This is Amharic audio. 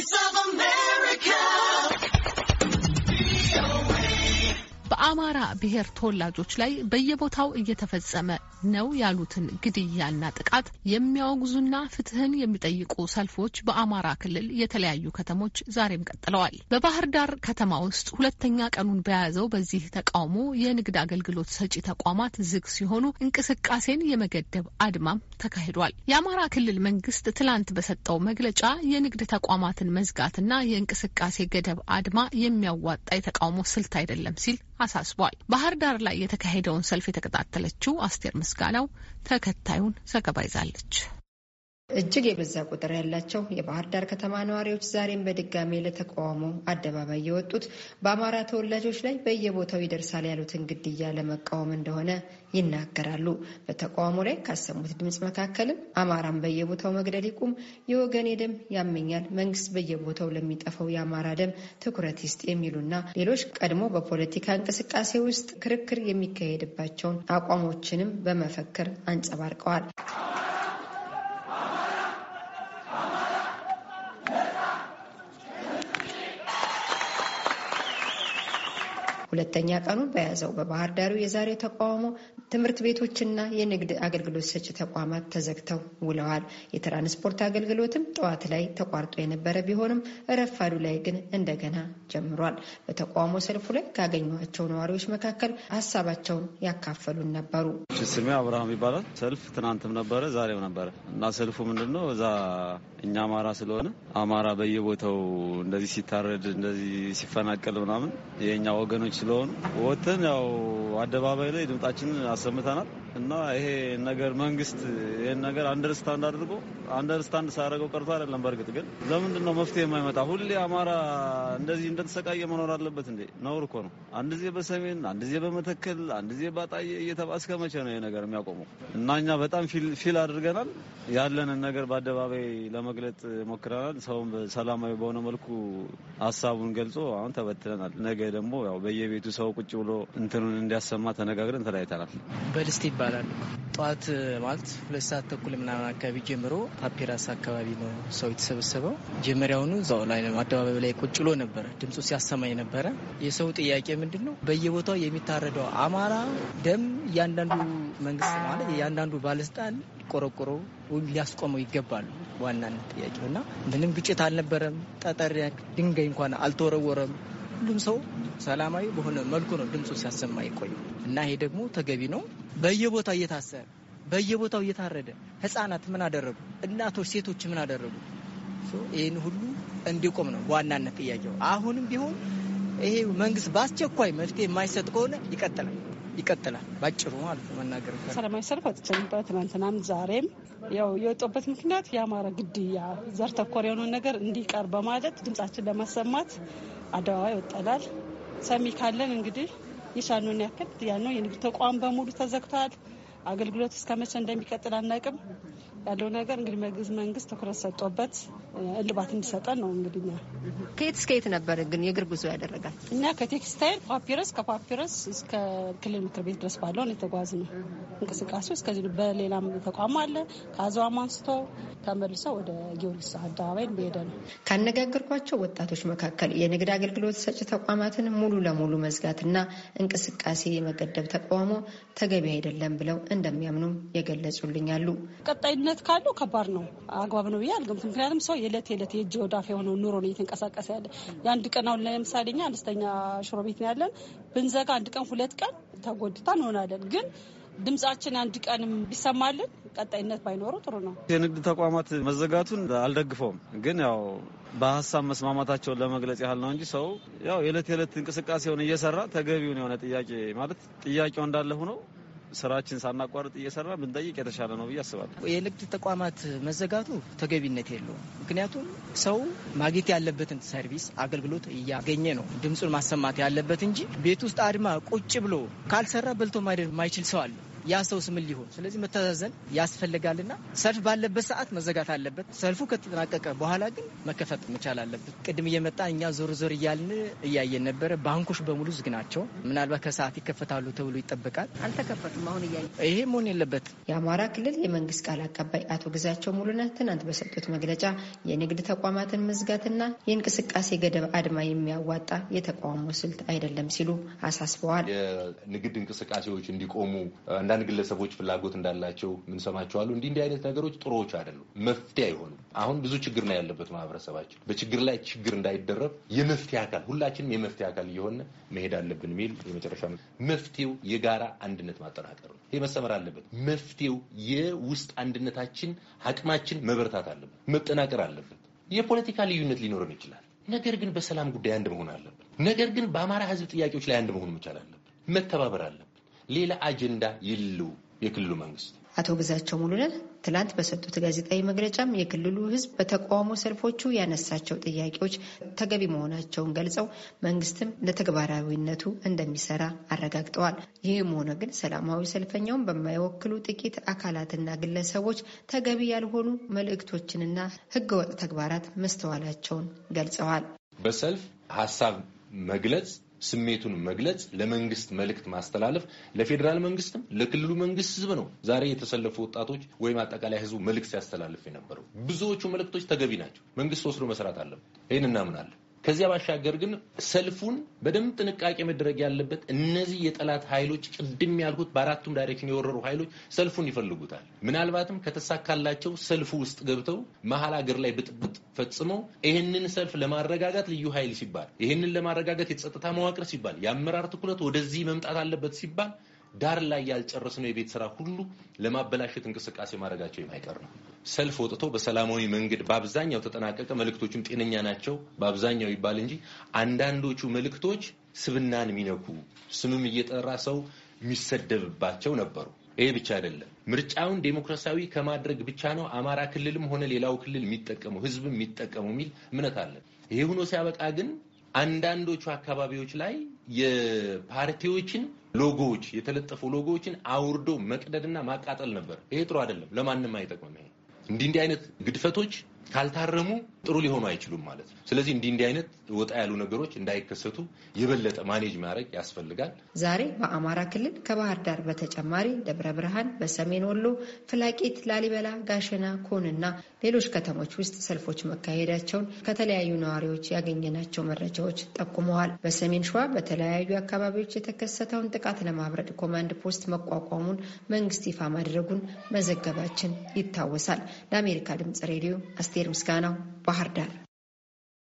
Voice of America. በአማራ ብሔር ተወላጆች ላይ በየቦታው እየተፈጸመ ነው ያሉትን ግድያና ጥቃት የሚያወግዙና ፍትህን የሚጠይቁ ሰልፎች በአማራ ክልል የተለያዩ ከተሞች ዛሬም ቀጥለዋል። በባህር ዳር ከተማ ውስጥ ሁለተኛ ቀኑን በያዘው በዚህ ተቃውሞ የንግድ አገልግሎት ሰጪ ተቋማት ዝግ ሲሆኑ እንቅስቃሴን የመገደብ አድማም ተካሂዷል። የአማራ ክልል መንግስት ትላንት በሰጠው መግለጫ የንግድ ተቋማትን መዝጋትና የእንቅስቃሴ ገደብ አድማ የሚያዋጣ የተቃውሞ ስልት አይደለም ሲል አሳስቧል። ባህር ዳር ላይ የተካሄደውን ሰልፍ የተከታተለችው አስቴር ምስጋናው ተከታዩን ዘገባ ይዛለች። እጅግ የበዛ ቁጥር ያላቸው የባህር ዳር ከተማ ነዋሪዎች ዛሬም በድጋሜ ለተቃውሞ አደባባይ የወጡት በአማራ ተወላጆች ላይ በየቦታው ይደርሳል ያሉትን ግድያ ለመቃወም እንደሆነ ይናገራሉ። በተቃውሞ ላይ ካሰሙት ድምፅ መካከልም አማራም በየቦታው መግደል ይቁም፣ የወገኔ ደም ያመኛል፣ መንግስት በየቦታው ለሚጠፋው የአማራ ደም ትኩረት ይስጥ የሚሉና ሌሎች ቀድሞ በፖለቲካ እንቅስቃሴ ውስጥ ክርክር የሚካሄድባቸውን አቋሞችንም በመፈክር አንጸባርቀዋል። ሁለተኛ ቀኑን በያዘው በባህር ዳሩ የዛሬ ተቃውሞ ትምህርት ቤቶችና የንግድ አገልግሎት ሰጪ ተቋማት ተዘግተው ውለዋል። የትራንስፖርት አገልግሎትም ጠዋት ላይ ተቋርጦ የነበረ ቢሆንም ረፋዱ ላይ ግን እንደገና ጀምሯል። በተቃውሞ ሰልፉ ላይ ካገኟቸው ነዋሪዎች መካከል ሀሳባቸውን ያካፈሉን ነበሩ። ስሜ አብርሃም ይባላል። ሰልፍ ትናንትም ነበረ፣ ዛሬም ነበረ እና ሰልፉ ምንድን ነው እዛ እኛ አማራ ስለሆነ አማራ በየቦታው እንደዚህ ሲታረድ እንደዚህ ሲፈናቀል ምናምን የእኛ ወገኖች ስለሆኑ ወጥተን ያው አደባባይ ላይ ድምጣችንን Nasıl mı tanıt? እና ይሄ ነገር መንግስት ይሄን ነገር አንደርስታንድ አድርጎ አንደርስታንድ ሳያደርገው ቀርቶ አይደለም። በእርግጥ ግን ለምንድን ነው መፍትሄ የማይመጣ? ሁሌ አማራ እንደዚህ እንደተሰቃየ መኖር አለበት እንዴ? ነውር እኮ ነው። አንድ በሰሜን አንድ በመተከል አንድ ጊዜ ባጣየ እየተባ እስከ መቼ ነው ይሄ ነገር የሚያቆመው? እና እኛ በጣም ፊል አድርገናል። ያለንን ነገር በአደባባይ ለመግለጥ ሞክረናል። ሰውም በሰላማዊ በሆነ መልኩ ሀሳቡን ገልጾ አሁን ተበትለናል። ነገ ደግሞ ያው በየቤቱ ሰው ቁጭ ብሎ እንትኑን እንዲያሰማ ተነጋግረን ተለያይተናል። ይባላል። ጠዋት ማለት ሁለት ሰዓት ተኩል ምናምን አካባቢ ጀምሮ ፓፒራስ አካባቢ ነው ሰው የተሰበሰበው። ጀመሪያውኑ እዛው ላይ አደባባይ ላይ ቁጭ ብሎ ነበረ ድምፁ ሲያሰማኝ ነበረ። የሰው ጥያቄ ምንድን ነው? በየቦታው የሚታረደው አማራ ደም እያንዳንዱ መንግስት ማለት እያንዳንዱ ባለስልጣን ቆረቆሮ ሊያስቆመው ይገባሉ። ዋናነት ጥያቄው እና ምንም ግጭት አልነበረም። ጠጠር ድንጋይ እንኳን አልተወረወረም። ሁሉም ሰው ሰላማዊ በሆነ መልኩ ነው ድምፁ ሲያሰማ ይቆዩ እና ይሄ ደግሞ ተገቢ ነው። በየቦታው እየታሰረ በየቦታው እየታረደ ህጻናት ምን አደረጉ? እናቶች፣ ሴቶች ምን አደረጉ? ይህን ሁሉ እንዲቆም ነው ዋናነት ጥያቄው። አሁንም ቢሆን ይሄ መንግስት በአስቸኳይ መፍትሄ የማይሰጥ ከሆነ ይቀጥላል ይቀጥላል ባጭሩ ማለት መናገር። ሰላማዊ ሰልፍ አጥቸንበት ትናንትናም ዛሬም። ያው የወጡበት ምክንያት የአማራ ግድያ ዘር ተኮር የሆነውን ነገር እንዲቀር በማለት ድምጻችን ለማሰማት አደባባይ ወጠናል። ሰሚ ካለን እንግዲህ የሻኖን ያክል ነው። የንግድ ተቋም በሙሉ ተዘግቷል። አገልግሎት እስከ መቼ እንደሚቀጥል አናቅም። ያለው ነገር እንግዲህ መንግስት ትኩረት ሰጥቶበት እልባት እንዲሰጠን ነው። እንግዲህ ከየት እስከ የት ነበር ግን የእግር ጉዞ ያደረጋል? እኛ ከቴክስታይል ፓፒረስ፣ ከፓፒረስ እስከ ክልል ምክር ቤት ድረስ ባለውን የተጓዝ ነው እንቅስቃሴ እስከዚህ። በሌላም ተቋም አለ። ከአዘዋም አንስቶ ተመልሶ ወደ ጊዮርጊስ አደባባይ እንደሄደ ነው። ካነጋገርኳቸው ወጣቶች መካከል የንግድ አገልግሎት ሰጭ ተቋማትን ሙሉ ለሙሉ መዝጋትና እንቅስቃሴ የመገደብ ተቃውሞ ተገቢ አይደለም ብለው እንደሚያምኑም የገለጹልኝ አሉ። ቀጣይነት ካለው ከባድ ነው፣ አግባብ ነው ብዬ አልገምት። ምክንያቱም ሰው የዕለት የዕለት የእጅ ወዳፍ የሆነው ኑሮ ነው እየተንቀሳቀሰ ያለ። የአንድ ቀን አሁን ለምሳሌ እኛ አነስተኛ ሽሮ ቤት ነው ያለን። ብንዘጋ አንድ ቀን ሁለት ቀን ተጎድታ እንሆናለን ግን ድምጻችን አንድ ቀንም ቢሰማልን ቀጣይነት ባይኖሩ ጥሩ ነው። የንግድ ተቋማት መዘጋቱን አልደግፈውም፣ ግን ያው በሀሳብ መስማማታቸውን ለመግለጽ ያህል ነው እንጂ ሰው ያው የዕለት የዕለት እንቅስቃሴውን እየሰራ ተገቢውን የሆነ ጥያቄ ማለት ጥያቄው እንዳለ ሆኖ ስራችን ሳናቋርጥ እየሰራ ብንጠይቅ የተሻለ ነው ብዬ አስባለሁ። የንግድ ተቋማት መዘጋቱ ተገቢነት የለውም። ምክንያቱም ሰው ማግኘት ያለበትን ሰርቪስ አገልግሎት እያገኘ ነው ድምፁን ማሰማት ያለበት እንጂ ቤት ውስጥ አድማ ቁጭ ብሎ ካልሰራ በልቶ ማደር ማይችል ሰው አለ። ያ ሰው ስም ሊሆን ስለዚህ መተዛዘን ያስፈልጋልና ሰልፍ ባለበት ሰዓት መዘጋት አለበት። ሰልፉ ከተጠናቀቀ በኋላ ግን መከፈት መቻል አለበት። ቅድም እየመጣ እኛ ዞር ዞር እያልን እያየን ነበረ። ባንኮች በሙሉ ዝግ ናቸው። ምናልባት ከሰዓት ይከፈታሉ ተብሎ ይጠበቃል። አልተከፈቱም። አሁን እያየ ይሄ መሆን የለበት። የአማራ ክልል የመንግስት ቃል አቀባይ አቶ ግዛቸው ሙሉነህ ትናንት በሰጡት መግለጫ የንግድ ተቋማትን መዝጋትና የእንቅስቃሴ ገደብ አድማ የሚያዋጣ የተቃውሞ ስልት አይደለም ሲሉ አሳስበዋል። የንግድ እንቅስቃሴዎች እንዲቆሙ አንዳንድ ግለሰቦች ፍላጎት እንዳላቸው ምንሰማቸው አሉ። እንዲህ እንዲህ አይነት ነገሮች ጥሩዎች አይደሉም፣ መፍትሄ አይሆኑም። አሁን ብዙ ችግር ነው ያለበት ማህበረሰባችን። በችግር ላይ ችግር እንዳይደረብ የመፍትሄ አካል ሁላችንም የመፍትሄ አካል እየሆነ መሄድ አለብን የሚል የመጨረሻ መፍትሄው የጋራ አንድነት ማጠናከር ነው። ይህ መሰመር አለበት። መፍትሄው የውስጥ አንድነታችን አቅማችን መበረታት አለበት፣ መጠናቀር አለበት። የፖለቲካ ልዩነት ሊኖረን ይችላል። ነገር ግን በሰላም ጉዳይ አንድ መሆን አለብን። ነገር ግን በአማራ ህዝብ ጥያቄዎች ላይ አንድ መሆን መቻል አለብን። መተባበር አለብን። ሌላ አጀንዳ የለው የክልሉ መንግስት። አቶ ግዛቸው ሙሉነህ ትላንት በሰጡት ጋዜጣዊ መግለጫም የክልሉ ህዝብ በተቃውሞ ሰልፎቹ ያነሳቸው ጥያቄዎች ተገቢ መሆናቸውን ገልጸው መንግስትም ለተግባራዊነቱ እንደሚሰራ አረጋግጠዋል። ይህም ሆነ ግን ሰላማዊ ሰልፈኛውን በማይወክሉ ጥቂት አካላትና ግለሰቦች ተገቢ ያልሆኑ መልእክቶችንና ህገወጥ ተግባራት መስተዋላቸውን ገልጸዋል። በሰልፍ ሀሳብ መግለጽ ስሜቱን መግለጽ፣ ለመንግስት መልእክት ማስተላለፍ ለፌዴራል መንግስትም ለክልሉ መንግስት ህዝብ ነው። ዛሬ የተሰለፉ ወጣቶች ወይም አጠቃላይ ህዝቡ መልእክት ሲያስተላልፍ የነበረው ብዙዎቹ መልእክቶች ተገቢ ናቸው። መንግስት ወስዶ መስራት አለበት። ይህን እናምናለን። ከዚያ ባሻገር ግን ሰልፉን በደንብ ጥንቃቄ መደረግ ያለበት እነዚህ የጠላት ኃይሎች ቅድም ያልኩት በአራቱም ዳይሬክሽን የወረሩ ኃይሎች ሰልፉን ይፈልጉታል። ምናልባትም ከተሳካላቸው ሰልፉ ውስጥ ገብተው መሀል ሀገር ላይ ብጥብጥ ፈጽመው ይህንን ሰልፍ ለማረጋጋት ልዩ ኃይል ሲባል፣ ይህንን ለማረጋጋት የጸጥታ መዋቅር ሲባል፣ የአመራር ትኩረት ወደዚህ መምጣት አለበት ሲባል ዳር ላይ ያልጨረስነው የቤት ስራ ሁሉ ለማበላሸት እንቅስቃሴ ማድረጋቸው የማይቀር ነው። ሰልፍ ወጥቶ በሰላማዊ መንገድ በአብዛኛው ተጠናቀቀ። መልእክቶቹም ጤነኛ ናቸው በአብዛኛው ይባል እንጂ አንዳንዶቹ መልእክቶች ስብናን የሚነኩ ስምም እየጠራ ሰው የሚሰደብባቸው ነበሩ። ይሄ ብቻ አይደለም። ምርጫውን ዴሞክራሲያዊ ከማድረግ ብቻ ነው አማራ ክልልም ሆነ ሌላው ክልል የሚጠቀመው ህዝብም የሚጠቀመው የሚል እምነት አለን። ይሄ ሆኖ ሲያበቃ ግን አንዳንዶቹ አካባቢዎች ላይ የፓርቲዎችን ሎጎዎች የተለጠፉ ሎጎዎችን አውርዶ መቅደድና ማቃጠል ነበር። ይሄ ጥሩ አይደለም፣ ለማንም አይጠቅምም። ይሄ እንዲህ እንዲህ አይነት ግድፈቶች ካልታረሙ ጥሩ ሊሆኑ አይችሉም ማለት ነው። ስለዚህ እንዲህ እንዲህ አይነት ወጣ ያሉ ነገሮች እንዳይከሰቱ የበለጠ ማኔጅ ማድረግ ያስፈልጋል። ዛሬ በአማራ ክልል ከባህር ዳር በተጨማሪ ደብረ ብርሃን፣ በሰሜን ወሎ ፍላቂት፣ ላሊበላ፣ ጋሸና፣ ኮን እና ሌሎች ከተሞች ውስጥ ሰልፎች መካሄዳቸውን ከተለያዩ ነዋሪዎች ያገኘናቸው መረጃዎች ጠቁመዋል። በሰሜን ሸዋ በተለያዩ አካባቢዎች የተከሰተውን ጥቃት ለማብረድ ኮማንድ ፖስት መቋቋሙን መንግስት ይፋ ማድረጉን መዘገባችን ይታወሳል። ለአሜሪካ ድምጽ ሬዲዮ አስቴር ምስጋናው ባህር ዳር